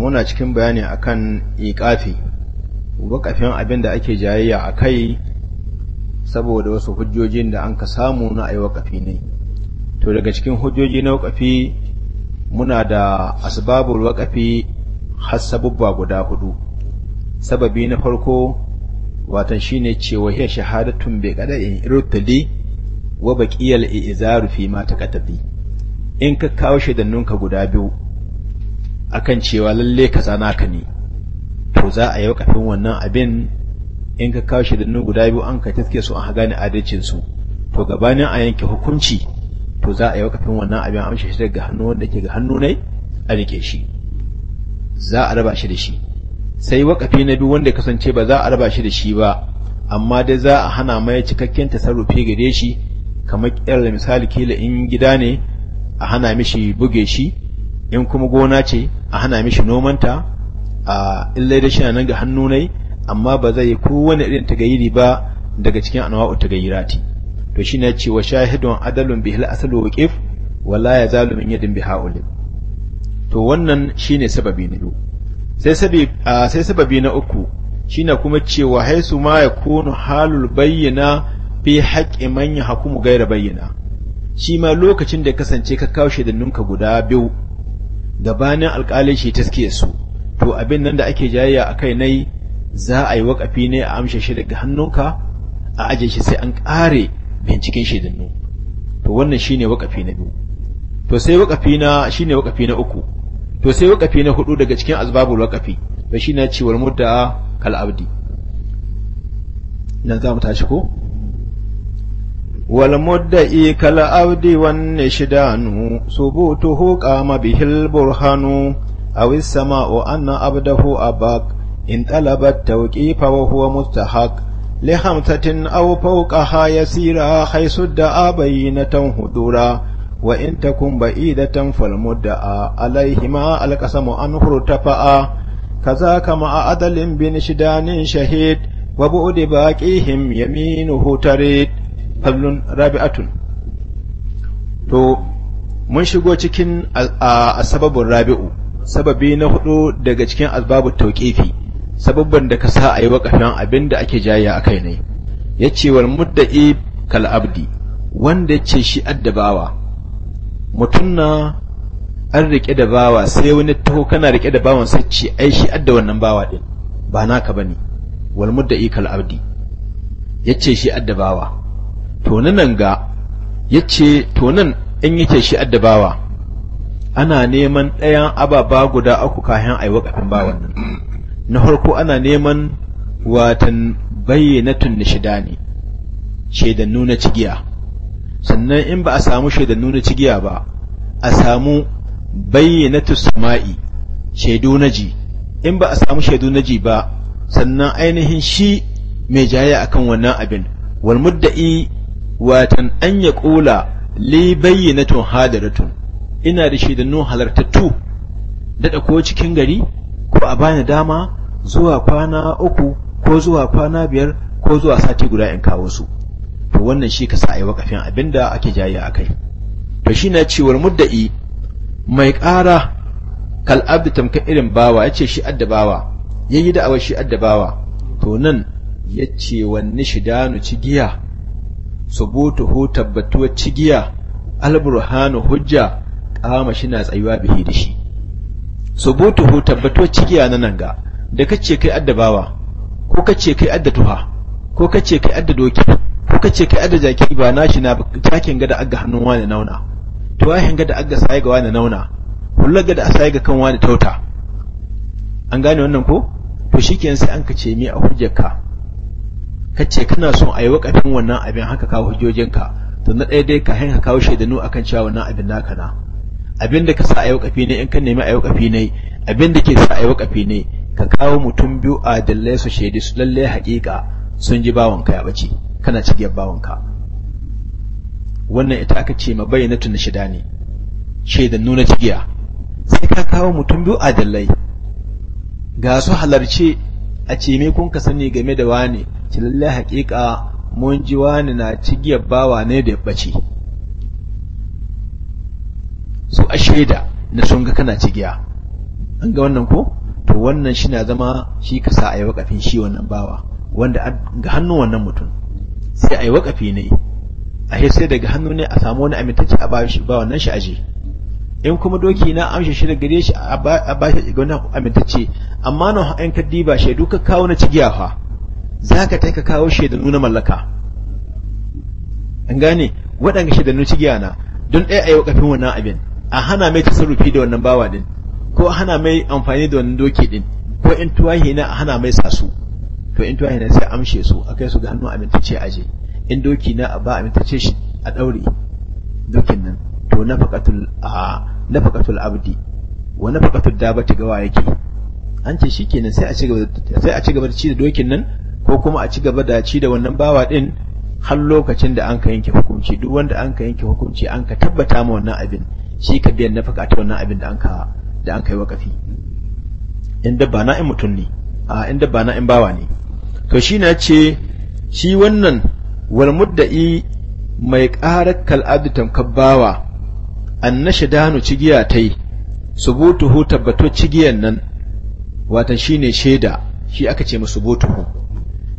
muna cikin bayani akan iƙafi waƙafin abin da ake jayayya a kai saboda wasu hujjojin da an ka samu na yi wakafi ne to daga cikin hujjoji na wakafi muna da asbabul wakafi har sabubba guda hudu sababi na farko watan shi shine cewa hiyar shahadatun kada in irutali wa baƙiyar i'zaru fi ma ƙatabi in ka kawo shaidannunka guda biyu akan cewa lalle kaza naka ne to za a yi wakafin wannan abin in ka kawo shi da guda biyu an ka taske su an gane adalcin su to gabanin a yanke hukunci to za a yi wakafin wannan abin amshe shi daga hannu wanda ke ga hannu ne a rike shi za a raba shi da shi sai wakafi na biyu wanda kasance ba za a raba shi da shi ba amma dai za a hana mai cikakken tasarrufi gare shi kamar kirar misali kila in gida ne a hana mishi buge shi in kuma gona ce a hana mishi nomanta a illai da shina nan ga hannu amma ba zai kowane irin tagayiri ba daga cikin anwa'u tagayirati to shi ne cewa shahidun adalun bihil asalu waqif wala yazalu min yadin biha ulim to wannan shine sababi na biyu sai sababi sai sababi na uku shine kuma cewa haisu ma kunu halul bayyana fi haqqi man yahkumu ghayra bayyana shi ma lokacin da kasance ka kawo nunka guda biyu gabanin alƙalin shi taske su to abin nan da ake jayayya a kai nai za a yi waƙafi ne a amshe shi daga hannunka a aje shi sai an ƙare binciken shaidannu to wannan shi ne waƙafi na biyu to sai waƙafi na shi ne waƙafi na uku to sai waƙafi na hudu daga cikin azbabul waƙafi to shine cewar mudda kal abdi nan za mu tashi ko والمدعي كالعبد والنشدان ثبوته قام به البرهان أو السماء أن عبده أباك إن طلب التوقيف وهو مستحق لخمسة أو فوقها يسيرا حيث ادعى بينة هدورا وإن تكن بعيدة فالمدعى عليهما القسم أنه ارتفعا كذاك مع عدل بنشدان شهيد وبعد باقيهم يمينه تريد fablun rabi'atun to mun shigo cikin asbabun rabi'u sababi na hudu daga cikin asbabu tauqifi sababban da ka sa ayi wakafin abinda ake jayya akai ne yace wal mudda'i kal abdi wanda yace shi addabawa mutun na an rike da bawa sai wani taho kana rike da bawan sai ce ai shi adda wannan bawa din ba naka bane wal mudda'i kal abdi yace shi addabawa nan ga ya ce tonan in yake shi addabawa ana neman ɗayan ababa guda uku kayan aiwa yi bawan na farko ana neman watan bayyanatun nishida ne shaidan nuna cigiya sannan in ba a samu shaidan nuna cigiya ba a samu bayyanatu sama'i shaidu na ji in ba a samu shaidu na ji ba sannan ainihin shi mai jaya akan wannan abin wal mudda'i watan an ya ƙula li bayyanatun hadaratun ina da shaidannu halartattu daɗa ko cikin gari ko a bani dama zuwa kwana uku ko zuwa kwana biyar ko zuwa sati guda in kawo su to wannan shi ka sa a yi abin da ake jayi a kai to shi na cewar mudda'i mai ƙara kal'abda tamkar irin bawa ya ce shi addabawa ya yi da'awar shi addabawa to nan ya ce wanne shidanu ci giya subutuhu tabbatuwar cigiya alburhanu hujja kama shi na tsayuwa bihi da shi subutuhu tabbatuwar cigiya na nan ga da kace kai addabawa ko kace kai addatuha ko kace kai adda doki ko kace kai adda jaki ba shi na jakin ga aga hannun wani nauna tuwahin ga da aga sai ga wani nauna kullu ga da sai ga kan wani tauta an gane wannan ko to shikenan sai an kace mi a hujjarka kace kana son a yi wakafin wannan abin haka kawo hujjojinka to na ɗaya dai ka hanyar kawo shaidanu akan cewa wannan abin naka na abin da ka sa a yi wakafi ne in ka nemi a yi wakafi ne abin da ke sa a yi wakafi ne ka kawo mutum biyu a dalle su shaidi su lalle haƙiƙa sun ji bawanka ya bace kana cigiyar bawanka wannan ita aka ce ma bayyana na shida ne shaidan nuna cigiya sai ka kawo mutum biyu a dalle ga su halarci a ce me kun ka sani game da wani ki lallai haƙiƙa mun ji wani na cigiyar bawa ne da ya ɓace su a shaida na sun ga kana cigiya an ga wannan ko to wannan shi na zama shi ka sa a yi waƙafin shi wannan bawa wanda ga hannun wannan mutum sai a yi waƙafi ne a sai daga hannu ne a samu wani amintacci a ba wannan shi aji in kuma doki na amshe shi daga gare shi a ba shi ga wannan amintacce amma na an kaddi ba shaidu ka kawo na cigiya fa ka ta ka kawo shaidu nuna mallaka an gane waɗanda shaidu cigiya na don ɗaya a yi wakafin wannan abin a hana mai tasarrufi da wannan bawa din ko a hana mai amfani da wannan doki din ko in tuwahi na a hana mai sasu to in tuwahi na sai amshe su a kai su ga hannun amintacce aje in doki na a ba amintacce shi a ɗaure dokin nan to nafaqatul nafaqatul abdi wa ba dabati gawa yake an ce shikenan sai a ci gaba sai a ci gaba da ci da dokin nan ko kuma a ci gaba da ci da wannan bawa din har lokacin da an ka yanke hukunci duk wanda an ka yanke hukunci an ka tabbata ma wannan abin shi ka biyan nafaka ta wannan abin da an ka da an kai wakafi in dabba na in mutum ne a in dabba na in bawa ne to shi na ce shi wannan wal mudda'i mai ƙarar kal'adu tamkar bawa dano cigiya ta tai subutuhu tabbato cigiyan nan watan ne shaida shi aka ce musu subutuhu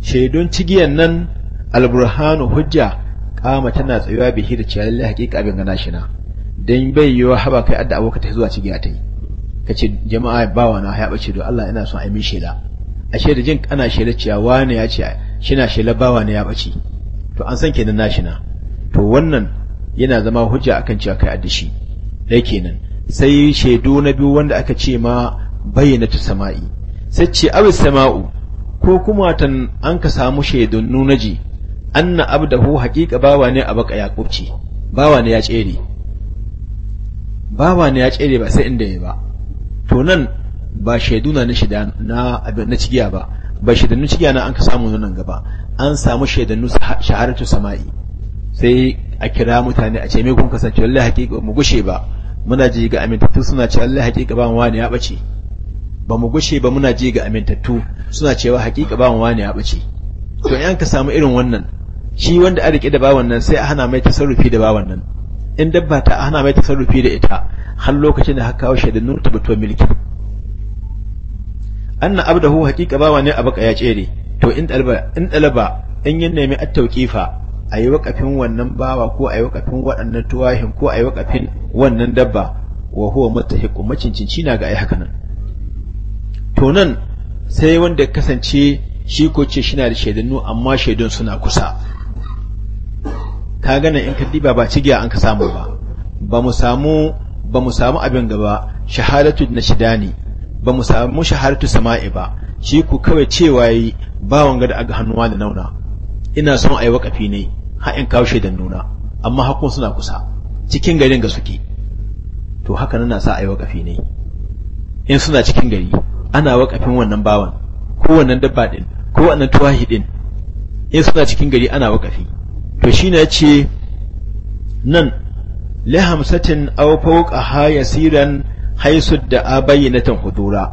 shaidun cigiyan nan alburhanu hujja kama tana tsayuwa bihi da cewa lalle hakika abin gana shi na don bai wa haba kai adda abokan ta zuwa cigiya Ka ce jama'a bawa na ya bace do Allah ina son a min shela ashe da jin ana shaida cewa wani ya ce shi na shaida bawa na ya bace to an san kenan nashi na to wannan yana zama hujja akan cewa kai addashi dai kenan sai shaidu na biyu wanda aka ce ma bayyana ta sama'i sai ce abu sama'u ko kuma tan an ka samu shaidun nunaji anna abdahu haqiqa bawa ne abaka yaqubci bawa ne ya tsere bawa ne ya tsere ba sai inda ya ba to nan ba shaidu na na na cigiya ba ba shaidannu cigiya na an ka samu nan gaba an samu shaidannu shaharatu sama'i sai a kira mutane a ce me kun kasance wallahi haƙiƙa mu gushe ba muna ji ga amintattu suna ce lallai haƙiƙa ba mu wani ya bace ba mu gushe ba muna ji ga amintattu suna cewa haƙiƙa ba mu wani ya bace to in ka samu irin wannan shi wanda a rike da bawan nan sai a hana mai tasarrufi da bawan nan in dabba ta hana mai tasarrufi da ita har lokacin da haka kawo da nur tabbatuwar milki anna abdahu haƙiƙa bawa ne a baka ya tsere to in ɗalaba in ɗalaba in yin nemi at-tawqifa a yi wakafin wannan bawa ko a yi wakafin waɗannan tuwahin ko a yi wakafin wannan dabba wa huwa mutahiqu macincinci na ga ai haka nan to nan sai wanda kasance shi ko ce shi na da shaidannu amma shaidun suna kusa ka gana in ka diba ba cigiya an ka samu ba ba mu samu abin gaba shahadatu na shidani ba mu samu shahadatu sama'i ba shi ku kawai cewa yi bawan gada da aga hannuwa da nauna ina son a yi wakafi ne ha'in kawo shaidan nuna amma hakkun suna kusa cikin garin ga suke to haka nan na sa a yi wakafi ne in suna cikin gari ana wakafin wannan bawan ko wannan dabba din ko wannan tuwahi din in suna cikin gari ana wakafi. to shi na ce nan li hamsatin aw fawqa yasiran haisu da a bayyanatan hudura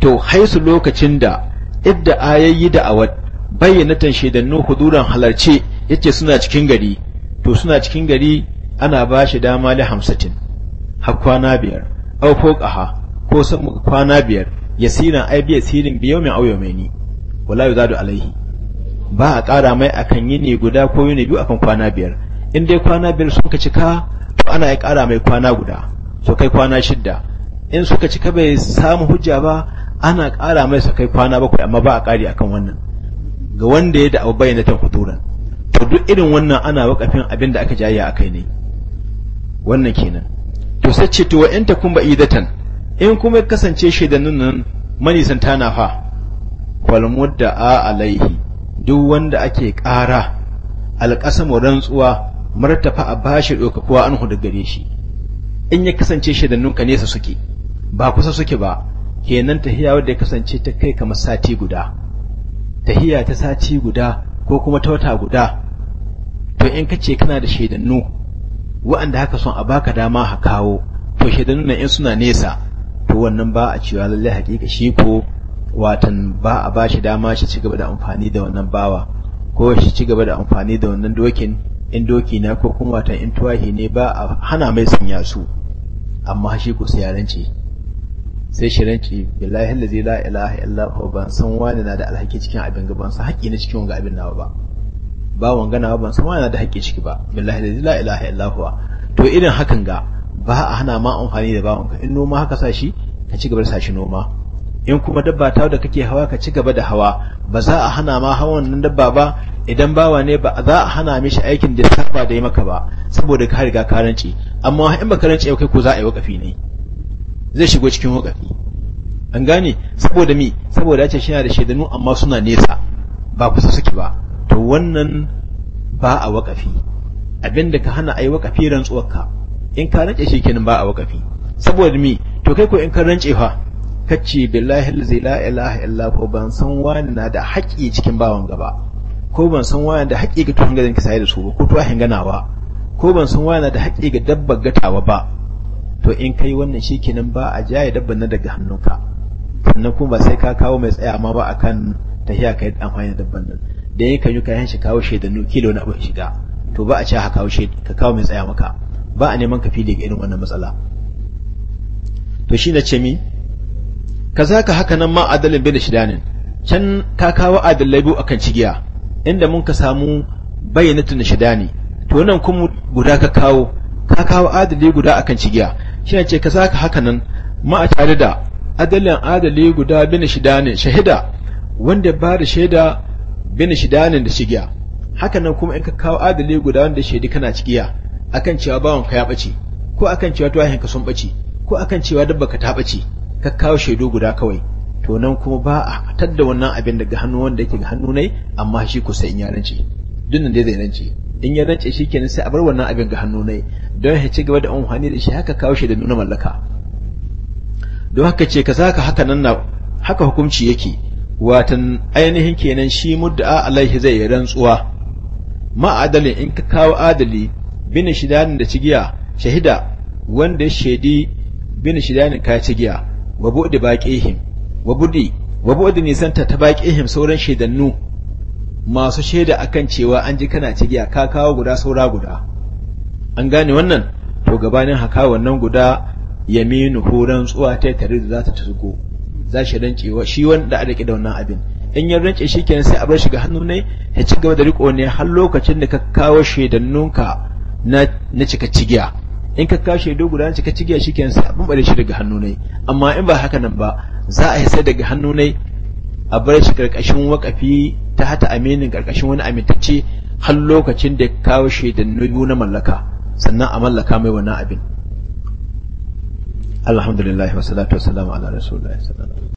to haisu lokacin da idda ayayyi da awad bayyanatan shaidannu huduran halarce yace suna cikin gari to suna cikin gari ana ba shi dama da hamsatin har kwana biyar aw fawqaha ko kwana biyar sina ai bi biyo bi auyo mai ni wala yuzadu alaihi ba a ƙara mai akan ne guda ko yi ne biyu akan kwana biyar in dai kwana biyar suka cika to ana ya ƙara mai kwana guda to kai kwana shidda in suka cika bai samu hujja ba ana ƙara mai su kai kwana bakwai amma ba a ƙari akan wannan ga wanda ya da abu bayyana ta kuturan to duk irin wannan ana wakafin abin da aka jayya a kai ne wannan kenan to sai ce to kun ba idatan in kuma kasance shaidannin nan manisanta na fa wal a alaihi duk wanda ake ƙara alƙasamu rantsuwa martafa a bashi ɗaukakuwa an hudu gare shi in ya kasance shi da ne nesa suke ba kusa suke ba kenan tahiya wadda ya kasance ta kai kamar sati guda tahiya ta sati guda ko kuma ta wata guda to in ka ce kana da shaidannu waɗanda haka son a baka dama ha kawo to shaidannu na in suna nesa to wannan ba a cewa lallai hakika shi ko watan ba a ba shi dama shi ci gaba da amfani da wannan bawa ko shi ci gaba da amfani da wannan dokin in doki na ko kuma watan in tuwahi ne ba a hana mai sanya su amma shi ko sai ya rance sai shi rance billahi allazi la ilaha illa huwa ban san wani na da alhaki cikin abin gaban sa haƙi ne cikin wanga abin nawa ba bawan ganawa ban san yana da haƙƙi ciki ba billahi la ilaha illa to irin hakan ga ba a hana ma amfani da bawon ka in noma haka sa shi ka ci gaba da sashi noma in kuma dabba ta da kake hawa ka ci gaba da hawa ba za a hana ma hawan nan dabba ba idan bawa ne ba za a hana mishi aikin da saba da yi maka ba saboda ka riga ka rance amma in baka ranci kai ko za a yi wakafi ne zai shigo cikin wakafi an gane saboda mi saboda ya ce shi da shaidanu amma suna nesa ba kusa suke ba wannan ba a abin da ka hana a ayi wakafi rantsuwarka in ka rance shi kenan ba a waƙafi saboda mi to kai ko in ka rance fa kace billahi allazi la ilaha illa ko ban san wani na da haƙƙi cikin bawan gaba ko ban san wani da haƙƙi ga tuhan gadan kisaye da su ba ko tuwahin ganawa ko ban san wani na da haƙƙi ga dabbar gatawa ba to in kai wannan shi kenan ba a jaye dabban na daga hannunka sannan kuma ba sai ka kawo mai tsaya ma ba akan tahiya kai amfani da dabban nan da yakan yi kayan shi kawo shaidannu kilo na abin shiga to ba a ci ha kawo ka kawo mai tsaya maka ba a neman kafi daga irin wannan matsala to shi na ce mi kazaka haka nan ma adalin bin shidanin can ka kawo adalai biyu akan cigiya inda mun ka samu bayyanatun shidani to nan kuma guda ka kawo ka kawo adali guda akan cigiya shi na ce kazaka haka nan ma a tare da adalin adali guda bin shidanin shahida wanda ba da shaida bin shidanin da shigiya haka nan kuma in ka kawo adali guda wanda shaidi kana cikiya akan cewa bawon ka ya bace ko akan cewa tuwahin ka sun bace ko akan cewa dabba ka ta bace ka kawo shaidu guda kawai to nan kuma ba a fitar da wannan abin daga hannu wanda yake ga hannu ne amma shi ko sai in ya rance duk dai zai rance in ya rance shi kenan sai a bar wannan abin ga hannu ne don ya ci gaba da amfani da shi haka kawo shi da nuna mallaka don haka ce ka saka haka nan na haka hukunci yake watan ainihin kenan shi mudda'a alaihi zai rantsuwa ma'adalin in ka kawo adali bin shidan da cigiya shahida wanda ya shaidi bin shidan ka cigiya wa budi baqihim wa budi wa buɗe nisanta ta baqihim sauran shaidannu masu shaida akan cewa an ji kana cigiya ka kawo guda saura guda an gane wannan to gabanin haka wannan guda yaminu horan tsuwa ta tare da za ta tsugo za shi rance shi wanda a rike da wannan abin in ya rance shi kenan sai a bar shi ga hannu ne ya ci gaba da riko ne har lokacin da ka kawo shaidannunka na na cika cigiya in ka kawo shaidu guda na cika cigiya shi kenan sai a bumbare shi daga hannu ne amma in ba haka nan ba za a hisa daga hannu ne a bar shi karkashin wakafi ta hata aminin karkashin wani amintacce har lokacin da ya kawo shaidannu na mallaka sannan a mallaka mai wannan abin الحمد للہ وسلۃ وسلم علیہ رسول اللہ